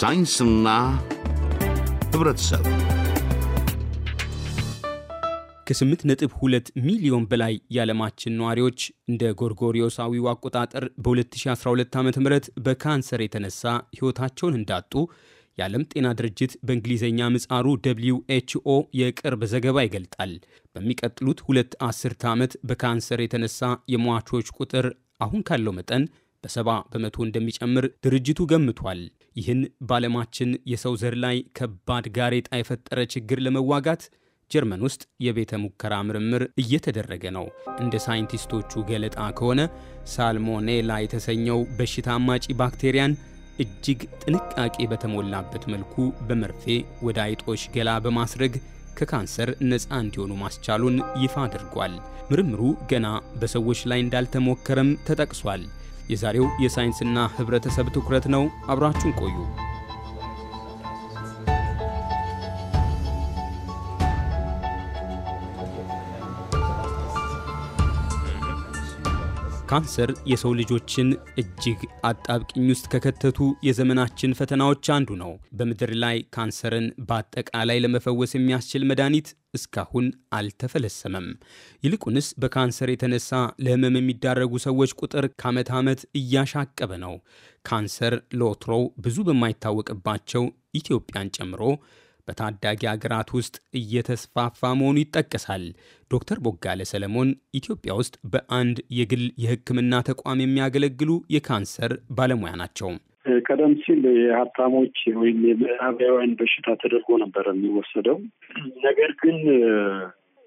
ሳይንስና ህብረተሰብ ከ8.2 ሚሊዮን በላይ የዓለማችን ነዋሪዎች እንደ ጎርጎሪዮሳዊው አቆጣጠር በ2012 ዓ ም በካንሰር የተነሳ ሕይወታቸውን እንዳጡ የዓለም ጤና ድርጅት በእንግሊዝኛ ምጻሩ ደብሊው ኤችኦ የቅርብ ዘገባ ይገልጣል። በሚቀጥሉት ሁለት አስርተ ዓመት በካንሰር የተነሳ የሟቾች ቁጥር አሁን ካለው መጠን በሰባ በመቶ እንደሚጨምር ድርጅቱ ገምቷል። ይህን በዓለማችን የሰው ዘር ላይ ከባድ ጋሬጣ የፈጠረ ችግር ለመዋጋት ጀርመን ውስጥ የቤተ ሙከራ ምርምር እየተደረገ ነው። እንደ ሳይንቲስቶቹ ገለጣ ከሆነ ሳልሞኔላ የተሰኘው በሽታ አማጪ ባክቴሪያን እጅግ ጥንቃቄ በተሞላበት መልኩ በመርፌ ወደ አይጦች ገላ በማስረግ ከካንሰር ነፃ እንዲሆኑ ማስቻሉን ይፋ አድርጓል። ምርምሩ ገና በሰዎች ላይ እንዳልተሞከረም ተጠቅሷል። የዛሬው የሳይንስና ህብረተሰብ ትኩረት ነው። አብራችሁን ቆዩ። ካንሰር የሰው ልጆችን እጅግ አጣብቅኝ ውስጥ ከከተቱ የዘመናችን ፈተናዎች አንዱ ነው። በምድር ላይ ካንሰርን በአጠቃላይ ለመፈወስ የሚያስችል መድኃኒት እስካሁን አልተፈለሰመም። ይልቁንስ በካንሰር የተነሳ ለህመም የሚዳረጉ ሰዎች ቁጥር ከዓመት ዓመት እያሻቀበ ነው። ካንሰር ለወትሮው ብዙ በማይታወቅባቸው ኢትዮጵያን ጨምሮ በታዳጊ አገራት ውስጥ እየተስፋፋ መሆኑ ይጠቀሳል። ዶክተር ቦጋለ ሰለሞን ኢትዮጵያ ውስጥ በአንድ የግል የሕክምና ተቋም የሚያገለግሉ የካንሰር ባለሙያ ናቸው። ቀደም ሲል የሀብታሞች ወይም የምዕራባውያን በሽታ ተደርጎ ነበር የሚወሰደው። ነገር ግን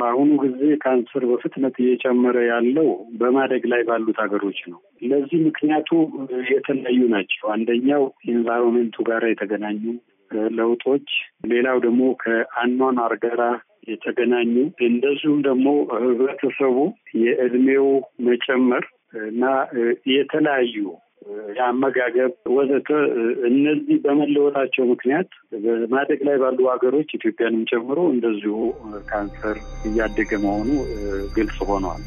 በአሁኑ ጊዜ ካንሰር በፍጥነት እየጨመረ ያለው በማደግ ላይ ባሉት ሀገሮች ነው። ለዚህ ምክንያቱ የተለያዩ ናቸው። አንደኛው ኢንቫይሮንመንቱ ጋር የተገናኙ ለውጦች፣ ሌላው ደግሞ ከአኗኗር ጋራ የተገናኙ እንደዚሁም ደግሞ ህብረተሰቡ የእድሜው መጨመር እና የተለያዩ የአመጋገብ ወዘተ እነዚህ በመለወጣቸው ምክንያት በማደግ ላይ ባሉ ሀገሮች ኢትዮጵያንም ጨምሮ እንደዚሁ ካንሰር እያደገ መሆኑ ግልጽ ሆኗል።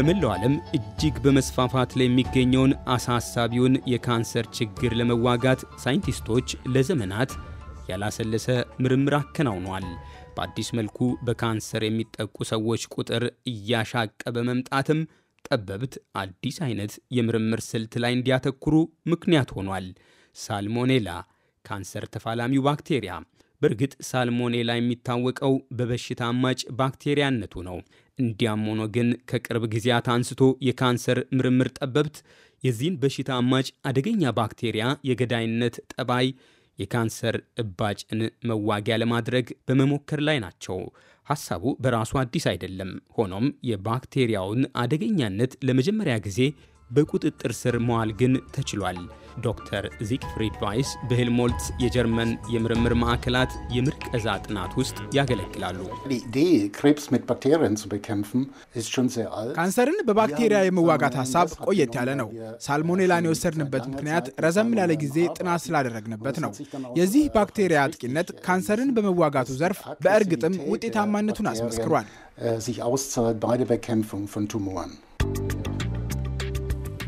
በመላው ዓለም እጅግ በመስፋፋት ላይ የሚገኘውን አሳሳቢውን የካንሰር ችግር ለመዋጋት ሳይንቲስቶች ለዘመናት ያላሰለሰ ምርምር አከናውኗል። በአዲስ መልኩ በካንሰር የሚጠቁ ሰዎች ቁጥር እያሻቀ በመምጣትም ጠበብት አዲስ አይነት የምርምር ስልት ላይ እንዲያተኩሩ ምክንያት ሆኗል። ሳልሞኔላ ካንሰር ተፋላሚው ባክቴሪያ። በእርግጥ ሳልሞኔላ የሚታወቀው በበሽታ አማጭ ባክቴሪያነቱ ነው። እንዲያም ሆኖ ግን ከቅርብ ጊዜያት አንስቶ የካንሰር ምርምር ጠበብት የዚህን በሽታ አማጭ አደገኛ ባክቴሪያ የገዳይነት ጠባይ የካንሰር እባጭን መዋጊያ ለማድረግ በመሞከር ላይ ናቸው። ሐሳቡ በራሱ አዲስ አይደለም። ሆኖም የባክቴሪያውን አደገኛነት ለመጀመሪያ ጊዜ በቁጥጥር ስር መዋል ግን ተችሏል። ዶክተር ዚግፍሪድ ቫይስ በሄልሞልት የጀርመን የምርምር ማዕከላት የምርቀዛ ጥናት ውስጥ ያገለግላሉ። ካንሰርን በባክቴሪያ የመዋጋት ሀሳብ ቆየት ያለ ነው። ሳልሞኔላን የወሰድንበት ምክንያት ረዘም ላለ ጊዜ ጥናት ስላደረግንበት ነው። የዚህ ባክቴሪያ አጥቂነት ካንሰርን በመዋጋቱ ዘርፍ በእርግጥም ውጤታማነቱን አስመስክሯል።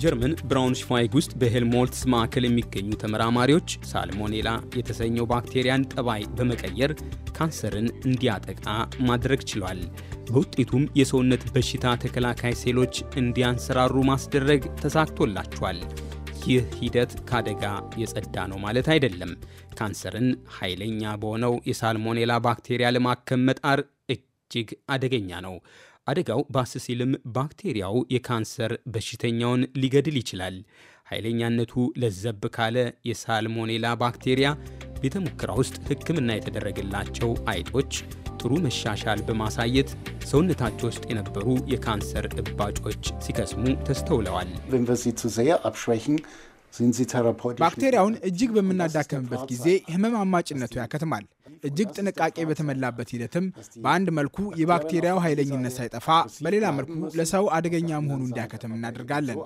ጀርመን ብራውንሽቫይግ ውስጥ በሄልሞልትስ ማዕከል የሚገኙ ተመራማሪዎች ሳልሞኔላ የተሰኘው ባክቴሪያን ጠባይ በመቀየር ካንሰርን እንዲያጠቃ ማድረግ ችሏል። በውጤቱም የሰውነት በሽታ ተከላካይ ሴሎች እንዲያንሰራሩ ማስደረግ ተሳክቶላቸዋል። ይህ ሂደት ከአደጋ የጸዳ ነው ማለት አይደለም። ካንሰርን ኃይለኛ በሆነው የሳልሞኔላ ባክቴሪያ ለማከም መጣር እጅግ አደገኛ ነው። አደጋው ባስ ሲልም ባክቴሪያው የካንሰር በሽተኛውን ሊገድል ይችላል። ኃይለኛነቱ ለዘብ ካለ የሳልሞኔላ ባክቴሪያ ቤተ ሙከራ ውስጥ ሕክምና የተደረገላቸው አይጦች ጥሩ መሻሻል በማሳየት ሰውነታቸው ውስጥ የነበሩ የካንሰር እባጮች ሲከስሙ ተስተውለዋል። ባክቴሪያውን እጅግ በምናዳከምበት ጊዜ ህመም አማጭነቱ ያከትማል። እጅግ ጥንቃቄ በተሞላበት ሂደትም በአንድ መልኩ የባክቴሪያው ኃይለኝነት ሳይጠፋ በሌላ መልኩ ለሰው አደገኛ መሆኑ እንዲያከትም እናደርጋለን።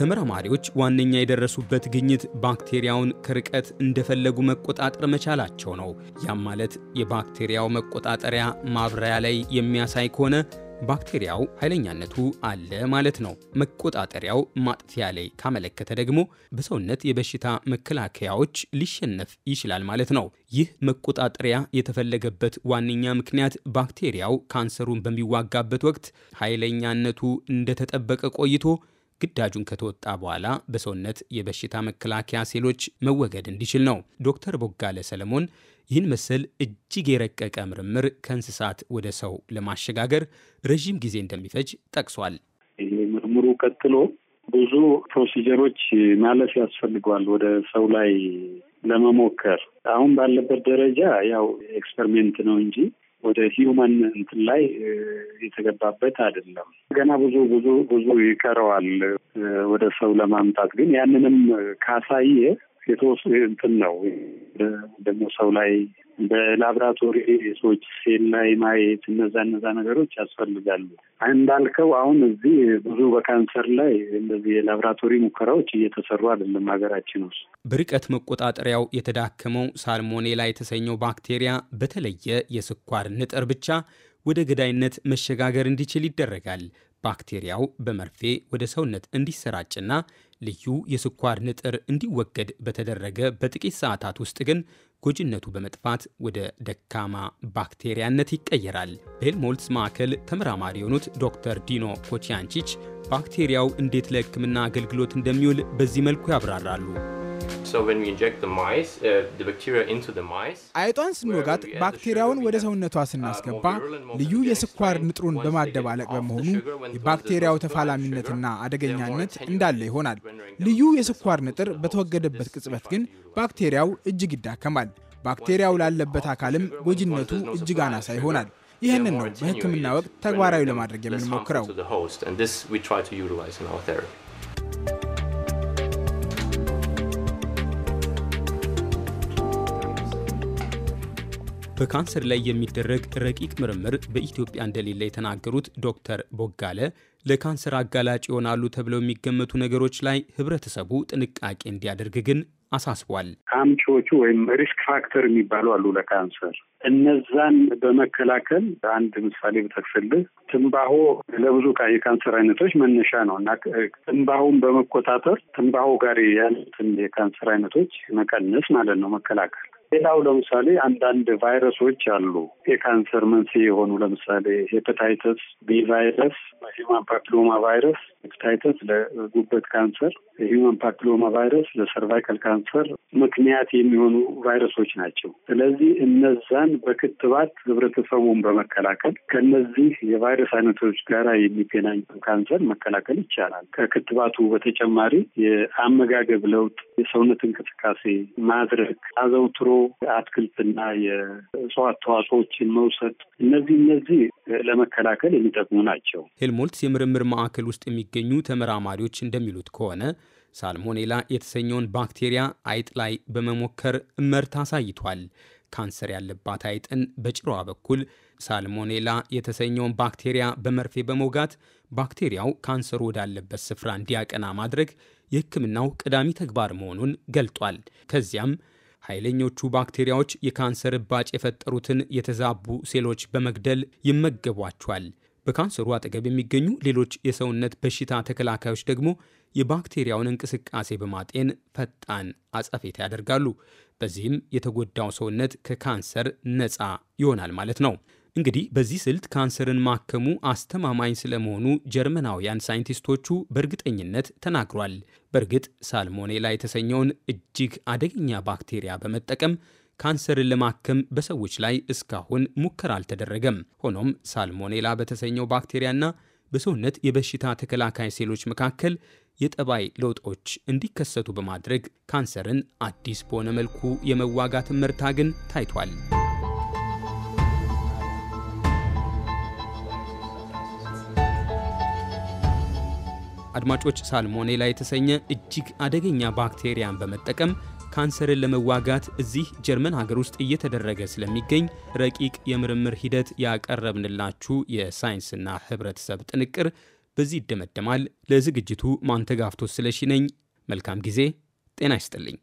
ተመራማሪዎች ዋነኛ የደረሱበት ግኝት ባክቴሪያውን ከርቀት እንደፈለጉ መቆጣጠር መቻላቸው ነው። ያም ማለት የባክቴሪያው መቆጣጠሪያ ማብሪያ ላይ የሚያሳይ ከሆነ ባክቴሪያው ኃይለኛነቱ አለ ማለት ነው። መቆጣጠሪያው ማጥፊያ ላይ ካመለከተ ደግሞ በሰውነት የበሽታ መከላከያዎች ሊሸነፍ ይችላል ማለት ነው። ይህ መቆጣጠሪያ የተፈለገበት ዋነኛ ምክንያት ባክቴሪያው ካንሰሩን በሚዋጋበት ወቅት ኃይለኛነቱ እንደተጠበቀ ቆይቶ ግዳጁን ከተወጣ በኋላ በሰውነት የበሽታ መከላከያ ሴሎች መወገድ እንዲችል ነው። ዶክተር ቦጋለ ሰለሞን ይህን መሰል እጅግ የረቀቀ ምርምር ከእንስሳት ወደ ሰው ለማሸጋገር ረዥም ጊዜ እንደሚፈጅ ጠቅሷል። ይህ ምርምሩ ቀጥሎ ብዙ ፕሮሲጀሮች ማለፍ ያስፈልገዋል ወደ ሰው ላይ ለመሞከር። አሁን ባለበት ደረጃ ያው ኤክስፐሪሜንት ነው እንጂ ወደ ሂዩማን እንትን ላይ የተገባበት አይደለም። ገና ብዙ ብዙ ብዙ ይቀረዋል ወደ ሰው ለማምጣት። ግን ያንንም ካሳየ የተወሱ እንትን ነው ደግሞ ሰው ላይ በላብራቶሪ ሰዎች ሴል ላይ ማየት እነዛ እነዛ ነገሮች ያስፈልጋሉ። እንዳልከው አሁን እዚህ ብዙ በካንሰር ላይ እንደዚህ የላብራቶሪ ሙከራዎች እየተሰሩ አይደለም ሀገራችን ውስጥ። በርቀት መቆጣጠሪያው የተዳከመው ሳልሞኔላ የተሰኘው ባክቴሪያ በተለየ የስኳር ንጥር ብቻ ወደ ገዳይነት መሸጋገር እንዲችል ይደረጋል። ባክቴሪያው በመርፌ ወደ ሰውነት እንዲሰራጭና ልዩ የስኳር ንጥር እንዲወገድ በተደረገ በጥቂት ሰዓታት ውስጥ ግን ጎጂነቱ በመጥፋት ወደ ደካማ ባክቴሪያነት ይቀየራል። በሄልሞልትስ ማዕከል ተመራማሪ የሆኑት ዶክተር ዲኖ ኮቺያንቺች ባክቴሪያው እንዴት ለሕክምና አገልግሎት እንደሚውል በዚህ መልኩ ያብራራሉ። Uh, አይጧን ስንወጋት ባክቴሪያውን ወደ ሰውነቷ ስናስገባ uh, ልዩ የስኳር ንጥሩን በማደባለቅ በመሆኑ የባክቴሪያው ተፋላሚነትና አደገኛነት እንዳለ ይሆናል። ልዩ የስኳር ንጥር በተወገደበት ቅጽበት ግን ባክቴሪያው እጅግ ይዳከማል። ባክቴሪያው ላለበት አካልም ጎጂነቱ እጅግ አናሳ ይሆናል። ይህንን ነው በሕክምና ወቅት ተግባራዊ ለማድረግ የምንሞክረው። በካንሰር ላይ የሚደረግ ረቂቅ ምርምር በኢትዮጵያ እንደሌለ የተናገሩት ዶክተር ቦጋለ ለካንሰር አጋላጭ ይሆናሉ ተብለው የሚገመቱ ነገሮች ላይ ህብረተሰቡ ጥንቃቄ እንዲያደርግ ግን አሳስቧል። አምጪዎቹ ወይም ሪስክ ፋክተር የሚባሉ አሉ ለካንሰር። እነዛን በመከላከል አንድ ምሳሌ ብጠቅስልህ ትንባሆ ለብዙ የካንሰር አይነቶች መነሻ ነው እና ትንባሆን በመቆጣጠር ትንባሆ ጋር ያሉትን የካንሰር አይነቶች መቀነስ ማለት ነው መከላከል ሌላው ለምሳሌ አንዳንድ ቫይረሶች አሉ የካንሰር መንስኤ የሆኑ ለምሳሌ ሄፐታይተስ ቢ ቫይረስ፣ ሂማን ፓፒሎማ ቫይረስ፣ ሄፐታይተስ ለጉበት ካንሰር፣ ሂማን ፓፒሎማ ቫይረስ ለሰርቫይካል ካንሰር ምክንያት የሚሆኑ ቫይረሶች ናቸው። ስለዚህ እነዛን በክትባት ህብረተሰቡን በመከላከል ከነዚህ የቫይረስ አይነቶች ጋር የሚገናኝ ካንሰር መከላከል ይቻላል። ከክትባቱ በተጨማሪ የአመጋገብ ለውጥ፣ የሰውነት እንቅስቃሴ ማድረግ አዘውትሮ አትክልትና የእጽዋት ተዋጽኦዎችን መውሰድ እነዚህ እነዚህ ለመከላከል የሚጠቅሙ ናቸው። ሄልሞልትስ የምርምር ማዕከል ውስጥ የሚገኙ ተመራማሪዎች እንደሚሉት ከሆነ ሳልሞኔላ የተሰኘውን ባክቴሪያ አይጥ ላይ በመሞከር መርት አሳይቷል። ካንሰር ያለባት አይጥን በጭሯ በኩል ሳልሞኔላ የተሰኘውን ባክቴሪያ በመርፌ በመውጋት ባክቴሪያው ካንሰሩ ወዳለበት ስፍራ እንዲያቀና ማድረግ የሕክምናው ቀዳሚ ተግባር መሆኑን ገልጧል። ከዚያም ኃይለኞቹ ባክቴሪያዎች የካንሰር እባጭ የፈጠሩትን የተዛቡ ሴሎች በመግደል ይመገቧቸዋል። በካንሰሩ አጠገብ የሚገኙ ሌሎች የሰውነት በሽታ ተከላካዮች ደግሞ የባክቴሪያውን እንቅስቃሴ በማጤን ፈጣን አጸፌታ ያደርጋሉ። በዚህም የተጎዳው ሰውነት ከካንሰር ነፃ ይሆናል ማለት ነው። እንግዲህ በዚህ ስልት ካንሰርን ማከሙ አስተማማኝ ስለመሆኑ ጀርመናውያን ሳይንቲስቶቹ በእርግጠኝነት ተናግሯል። በእርግጥ ሳልሞኔላ የተሰኘውን እጅግ አደገኛ ባክቴሪያ በመጠቀም ካንሰርን ለማከም በሰዎች ላይ እስካሁን ሙከራ አልተደረገም። ሆኖም ሳልሞኔላ በተሰኘው ባክቴሪያና በሰውነት የበሽታ ተከላካይ ሴሎች መካከል የጠባይ ለውጦች እንዲከሰቱ በማድረግ ካንሰርን አዲስ በሆነ መልኩ የመዋጋት መርታ ግን ታይቷል። አድማጮች፣ ሳልሞኔላ የተሰኘ እጅግ አደገኛ ባክቴሪያን በመጠቀም ካንሰርን ለመዋጋት እዚህ ጀርመን ሀገር ውስጥ እየተደረገ ስለሚገኝ ረቂቅ የምርምር ሂደት ያቀረብንላችሁ የሳይንስና ህብረተሰብ ጥንቅር በዚህ ይደመደማል። ለዝግጅቱ ማንተጋፍቶ ስለሺ ነኝ። መልካም ጊዜ። ጤና ይስጥልኝ።